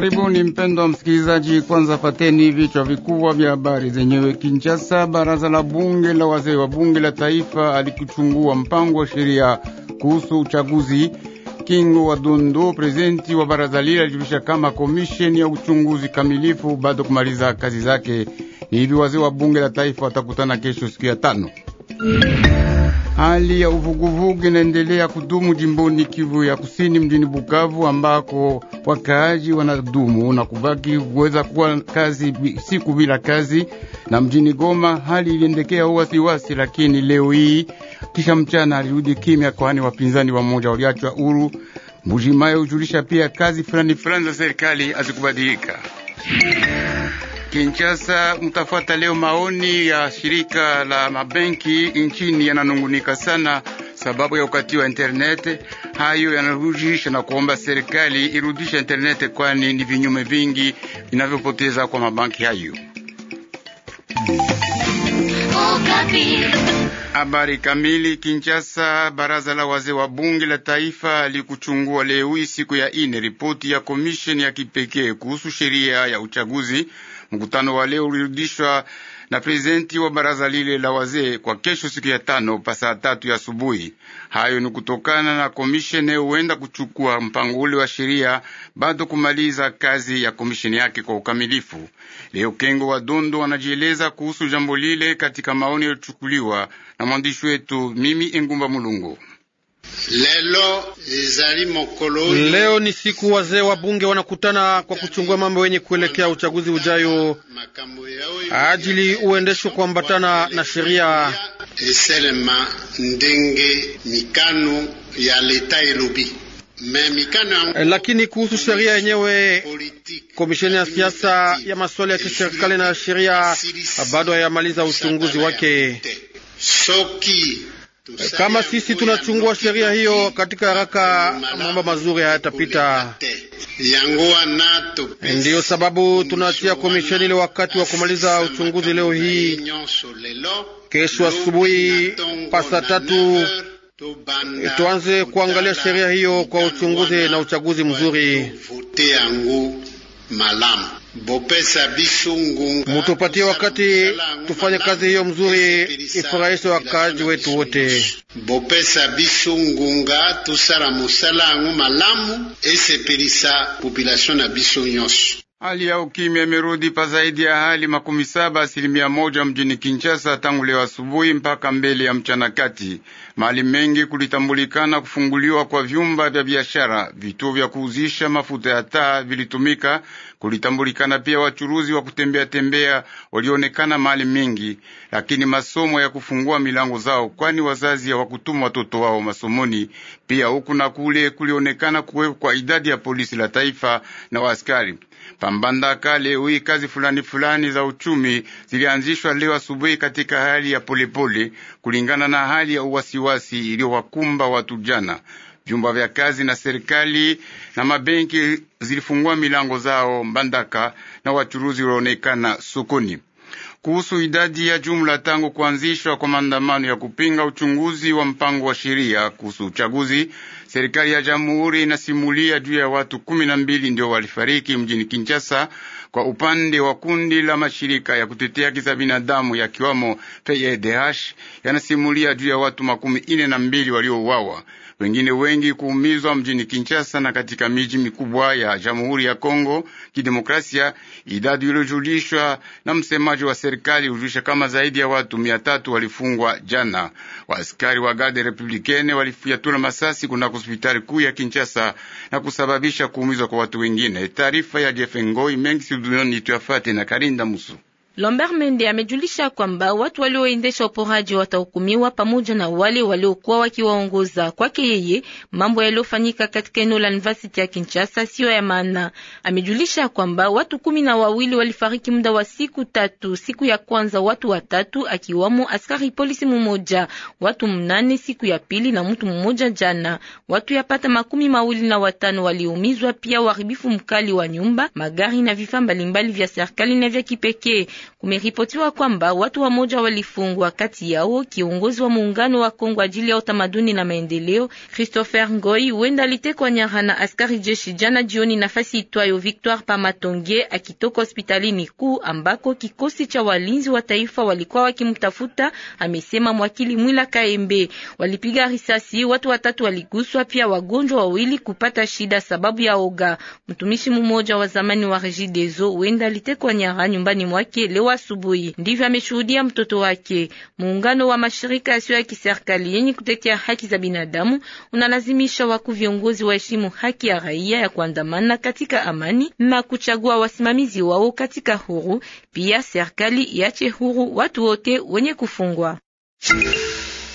Karibuni mpendwa msikilizaji, kwanza pateni vichwa vikubwa vya habari zenyewe. Kinshasa, baraza la bunge la wazee wa bunge la taifa alikuchungua mpango wa sheria kuhusu uchaguzi. Kingo wa Dondo, prezidenti wa baraza lile, alijulisha kama komisheni ya uchunguzi kamilifu bado kumaliza kazi zake. Ni hivi wazee wa bunge la taifa watakutana kesho siku ya tano Hali ya uvuguvugu inaendelea kudumu jimboni Kivu ya Kusini, mjini Bukavu, ambako wakaaji wanadumu na kubaki kuweza kuwa kazi siku bila kazi. Na mjini Goma hali iliendekea uwasiwasi, lakini leo hii kisha mchana alirudi kimya, kwani wapinzani moja waliachwa huru. Mbujimaye hujulisha pia kazi fulani fulani za serikali hazikubadilika. Kinshasa mtafuata leo maoni ya shirika la mabenki nchini yananungunika sana sababu ya ukati wa internet. Hayo yanarudisha na kuomba serikali irudisha internet, kwani ni vinyume vingi vinavyopoteza kwa mabanki hayo. Habari kamili. Kinshasa, baraza la wazee wa bunge la taifa likuchungua leo hii siku ya ine ripoti ya komisheni ya kipekee kuhusu sheria ya uchaguzi Mkutano wa leo ulirudishwa na prezidenti wa baraza lile la wazee kwa kesho siku ya tano pa saa tatu ya asubuhi. Hayo ni kutokana na komishene huenda kuchukua mpango ule wa sheria bado kumaliza kazi ya komisheni yake kwa ukamilifu. Leo Kengo wa Dondo anajieleza kuhusu jambo lile katika maoni yaliyochukuliwa na mwandishi wetu mimi Engumba Mulungu. Lelo, leo ni siku wazee wa bunge wanakutana kwa kuchungua mambo yenye kuelekea uchaguzi ujayo ajili uendeshwe kuambatana na sheria. Eh, lakini kuhusu sheria yenyewe, komisheni ya siasa ya masuala ya kiserikali na sheria bado hayamaliza uchunguzi wake Soki. Kama sisi tunachungua sheria hiyo katika haraka, mambo mazuri hayatapita. Ndiyo sababu tunaachia komisheni ile wakati wa kumaliza uchunguzi leo hii. Kesho asubuhi pasa tatu tuanze kuangalia sheria hiyo kwa uchunguzi na uchaguzi mzuri mutupatie wakati tufanye kazi hiyo mzuri, ifurahishe wakazi wetu wote. bopesa biso ngunga tosala mosala yango malamu esepelisa population na biso nyonso. Hali ya ukimya imerudi pa zaidi ya hali makumi saba asilimia moja mjini Kinshasa tangu leo asubuhi mpaka mbele ya mchana kati. Mali mengi kulitambulikana kufunguliwa kwa vyumba vya biashara, vituo vya kuuzisha mafuta ya taa vilitumika. Kulitambulikana pia wachuruzi wa kutembea tembea walionekana mali mengi, lakini masomo ya kufungua milango zao, kwani wazazi hawakutuma watoto wao masomoni. Pia huku na kule kulionekana kwa idadi ya polisi la taifa na waaskari pambanda kale hui kazi fulani fulani za uchumi zilianzishwa leo asubuhi katika hali ya polepole pole, kulingana na hali ya uwasiwasi iliyowakumba watu jana. Vyumba vya kazi na serikali na mabenki zilifungua milango zao Mbandaka, na wachuruzi walionekana sokoni. Kuhusu idadi ya jumla tangu kuanzishwa kwa maandamano ya kupinga uchunguzi wa mpango wa sheria kuhusu uchaguzi Serikali ya jamhuri inasimulia juu ya watu kumi na mbili ndio walifariki mjini Kinshasa kwa upande wa kundi la mashirika ya kutetea haki za binadamu yakiwamo PEDH yanasimulia juu ya watu makumi ine na mbili waliouawa, wengine wengi kuumizwa mjini Kinshasa na katika miji mikubwa ya Jamhuri ya Kongo Kidemokrasia. Idadi iliyojulishwa na msemaji wa serikali hujulisha kama zaidi ya watu mia tatu walifungwa jana. Waaskari wa Garde Republicaine walifyatula masasi kunako hospitali kuu ya Kinshasa na kusababisha kuumizwa kwa watu wengine. Taarifa ya Jeff Ngoi mengi ni tuyafate na karinda musu Lombard Mende amejulisha kwamba watu walioendesha uporaji watahukumiwa pamoja na wale waliokuwa wakiwaongoza. Kwake yeye, mambo yaliyofanyika katika eneo la University ya Kinshasa siyo ya maana. Amejulisha kwamba watu kumi na wawili walifariki muda wa siku tatu. Siku ya kwanza watu watatu, akiwamo askari polisi mmoja, watu mnane siku ya pili na mtu mmoja jana. Watu yapata makumi mawili na watano waliumizwa, pia uharibifu mkali wa nyumba, magari na vifaa mbalimbali vya serikali na vya kipekee. Kumeripotiwa kwamba watu wamoja walifungwa, kati yao kiongozi wa muungano wa Kongo ajili ya utamaduni na maendeleo Christopher Ngoi, huenda alitekwa nyara na askari jeshi jana jioni nafasi itwayo Victoire pa Matonge akitoka hospitalini kuu ambako kikosi cha walinzi wa taifa walikuwa wakimtafuta, amesema mwakili Mwila Kaembe. Walipiga risasi, watu watatu waliguswa, pia wagonjwa wawili kupata shida sababu ya oga. Mtumishi mmoja wa zamani wa Regideso huenda alitekwa nyara nyumbani mwake leo asubuhi. Ndivyo ameshuhudia mtoto wake. Muungano wa mashirika yasiyo ya kiserikali yenye kutetea haki za binadamu unalazimisha wakuu viongozi waheshimu haki ya raia ya kuandamana katika amani na kuchagua wasimamizi wao katika huru. Pia serikali iache huru watu wote wenye kufungwa.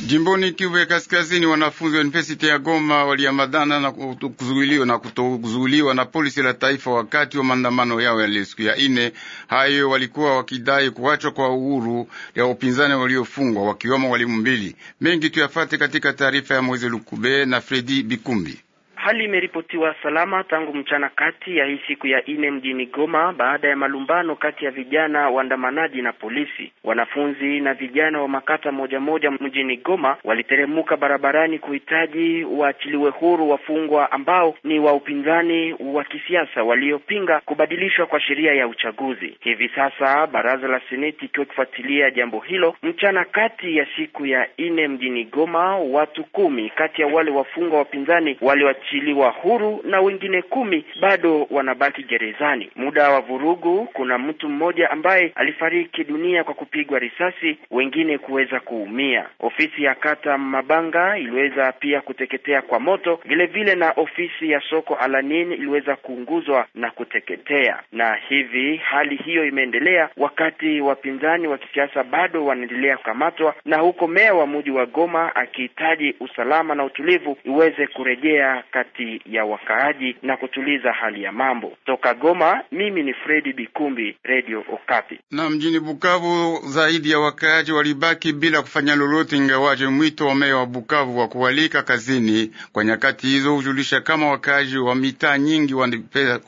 Jimboni Kivu ya Kaskazini, wanafunzi wa universiti ya Goma waliamadana na kuzuiliwa na kutozuiliwa na polisi la taifa wakati wa maandamano yao ya siku ya ine. Hayo walikuwa wakidai kuachwa kwa uhuru ya upinzani waliofungwa wakiwemo walimu mbili. Mengi tuyafate katika taarifa ya Moise Lukube na Fredi Bikumbi. Hali imeripotiwa salama tangu mchana kati ya hii siku ya nne mjini Goma baada ya malumbano kati ya vijana waandamanaji na polisi. Wanafunzi na vijana wa makata moja moja mjini Goma waliteremuka barabarani kuhitaji waachiliwe huru wafungwa ambao ni wa upinzani wa kisiasa waliopinga kubadilishwa kwa sheria ya uchaguzi. Hivi sasa baraza la seneti ikiwa ikifuatilia jambo hilo, mchana kati ya siku ya nne mjini Goma, watu kumi kati ya wale wafungwa wapinzani waliwa wameachiliwa huru na wengine kumi bado wanabaki gerezani. Muda wa vurugu, kuna mtu mmoja ambaye alifariki dunia kwa kupigwa risasi, wengine kuweza kuumia. Ofisi ya kata Mabanga iliweza pia kuteketea kwa moto, vile vile na ofisi ya soko Alanin iliweza kuunguzwa na kuteketea. Na hivi hali hiyo imeendelea wakati wapinzani wa kisiasa bado wanaendelea kukamatwa, na huko meya wa mji wa Goma akihitaji usalama na utulivu iweze kurejea kati ya wakaaji na kutuliza hali ya mambo. Toka Goma, mimi ni Fredi Bikumbi, Radio Okapi. Na mjini Bukavu, zaidi ya wakaaji walibaki bila kufanya lolote, ingawaje mwito wa meya wa Bukavu wa kuwalika kazini kwa nyakati hizo hujulisha kama wakaaji wa mitaa nyingi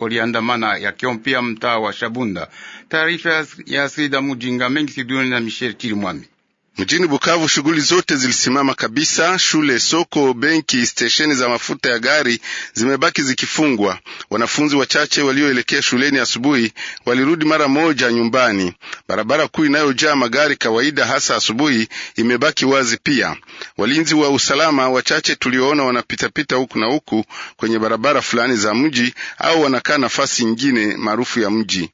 waliandamana, yakiompia mtaa wa Shabunda. Taarifa ya Sida Mujinga mengi Siduni na Michel Chirimwami. Mjini Bukavu shughuli zote zilisimama kabisa. Shule, soko, benki, stesheni za mafuta ya gari zimebaki zikifungwa. Wanafunzi wachache walioelekea shuleni asubuhi walirudi mara moja nyumbani. Barabara kuu inayojaa magari kawaida, hasa asubuhi, imebaki wazi pia. Walinzi wa usalama wachache tulioona wanapitapita huku na huku kwenye barabara fulani za mji au wanakaa nafasi nyingine maarufu ya mji.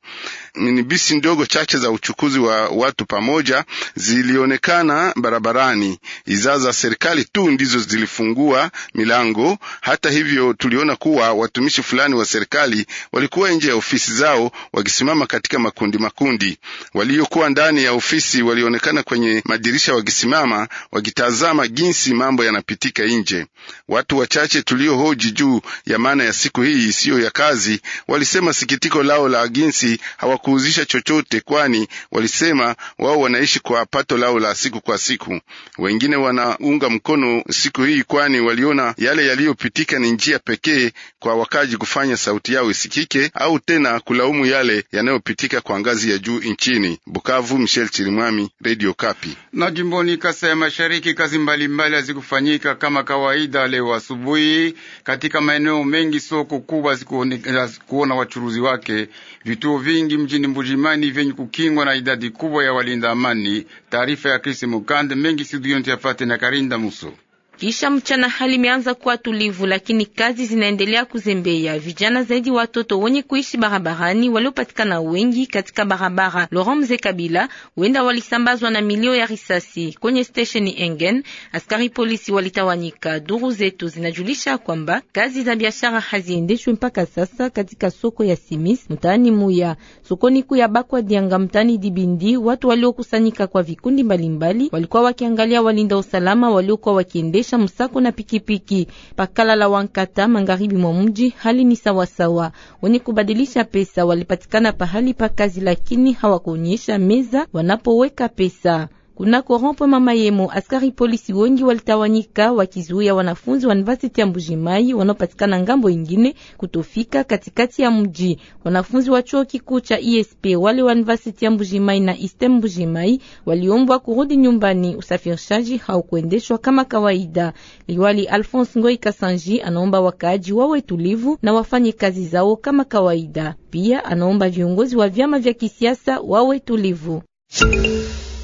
Minibisi ndogo chache za uchukuzi wa watu pamoja zilionekana barabarani. Izaa za serikali tu ndizo zilifungua milango. Hata hivyo, tuliona kuwa watumishi fulani wa serikali walikuwa nje ya ofisi zao wakisimama katika makundi makundi. Waliokuwa ndani ya ofisi walionekana kwenye madirisha wakisimama wakitazama kutazama jinsi mambo yanapitika nje. Watu wachache tuliohoji juu ya maana ya siku hii isiyo ya kazi walisema sikitiko lao la jinsi hawakuuzisha chochote, kwani walisema wao wanaishi kwa pato lao la siku kwa siku. Wengine wanaunga mkono siku hii, kwani waliona yale yaliyopitika ni njia pekee kwa wakaji kufanya sauti yao isikike, au tena kulaumu yale yanayopitika kwa ngazi ya juu nchini. Bukavu, Michel Chirimwami, Radio Kapi. Na jimboni Kasai Mashariki, kazi mbalimbali hazikufanyika kama kawaida leo asubuhi katika maeneo mengi. Soko kubwa zikuona wachuruzi wake. Vituo vingi mjini Mbujimani vyenye kukingwa na idadi kubwa ya walinda amani. Taarifa ya Krisi Mukande mengi Siduyonti Yafate na Karinda Muso. Kisha mchana hali imeanza kuwa tulivu, lakini kazi zinaendelea kuzembea. Vijana zaidi watoto wenye kuishi barabarani waliopatikana wengi katika barabara Laurent Mzee Kabila wenda walisambazwa na milio ya risasi kwenye stesheni Engen. Askari polisi walitawanyika. Duru zetu zinajulisha kwamba kazi za biashara haziendeshwi mpaka sasa katika soko ya Simis mtaani Muya, sokoni kuu ya Bakwa Dianga mtaani Dibindi. Watu waliokusanyika kwa vikundi mbalimbali walikuwa wakiangalia walinda usalama waliokuwa wakiendesha kuendesha msako na pikipiki pakala la Wankata, magharibi mwa mji. Hali ni sawasawa, wenye kubadilisha pesa walipatikana pahali pa kazi, lakini hawakuonyesha meza wanapoweka pesa. Kuna korompo mama yemo, askari polisi wengi walitawanyika wakizuia wanafunzi wa university ya Mbujimai wanaopatikana ngambo ingine kutofika katikati ya mji. Wanafunzi wa chuo kikuu cha ESP wale wa university ya Mbujimai na Eastern Mbujimai waliombwa kurudi nyumbani. Usafirishaji haukuendeshwa kama kawaida. Liwali Alphonse Ngoi Kasanji anaomba wakaaji wawe tulivu na wafanye kazi zao kama kawaida. Pia anaomba viongozi wa vyama vya kisiasa wawe tulivu.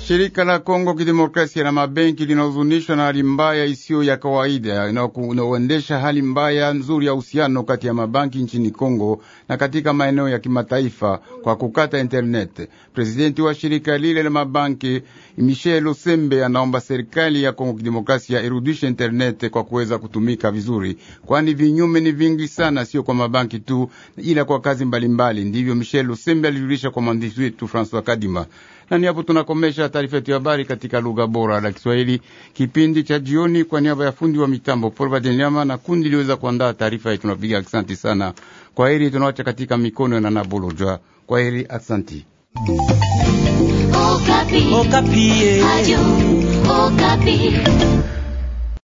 Shirika la Kongo Kidemokrasia la mabenki linahuzunishwa na hali mbaya isiyo ya kawaida inayoendesha hali mbaya nzuri ya uhusiano kati ya mabanki nchini Kongo na katika maeneo ya kimataifa kwa kukata internet. Presidenti wa shirika lile la mabanki Michel osembe anaomba serikali ya Kongo Kidemokrasia irudishe internet kwa kuweza kutumika vizuri, kwani vinyume ni vingi sana, sio kwa mabanki tu, ila kwa kazi mbalimbali mbali. Ndivyo Michel osembe alijulisha kwa mwandishi wetu Francois Kadima. Nani hapo tunakomesha taarifa yetu ya habari katika lugha bora la Kiswahili, kipindi cha jioni. Kwa niaba ya fundi wa mitambo Porvadenyama na kundi liweza kuandaa taarifa yetu, tunapiga aksanti sana. Kwa heri, tunawacha katika mikono ya Nanabolojwa. Kwa heri, aksanti. Okapi. Okapi. Eh.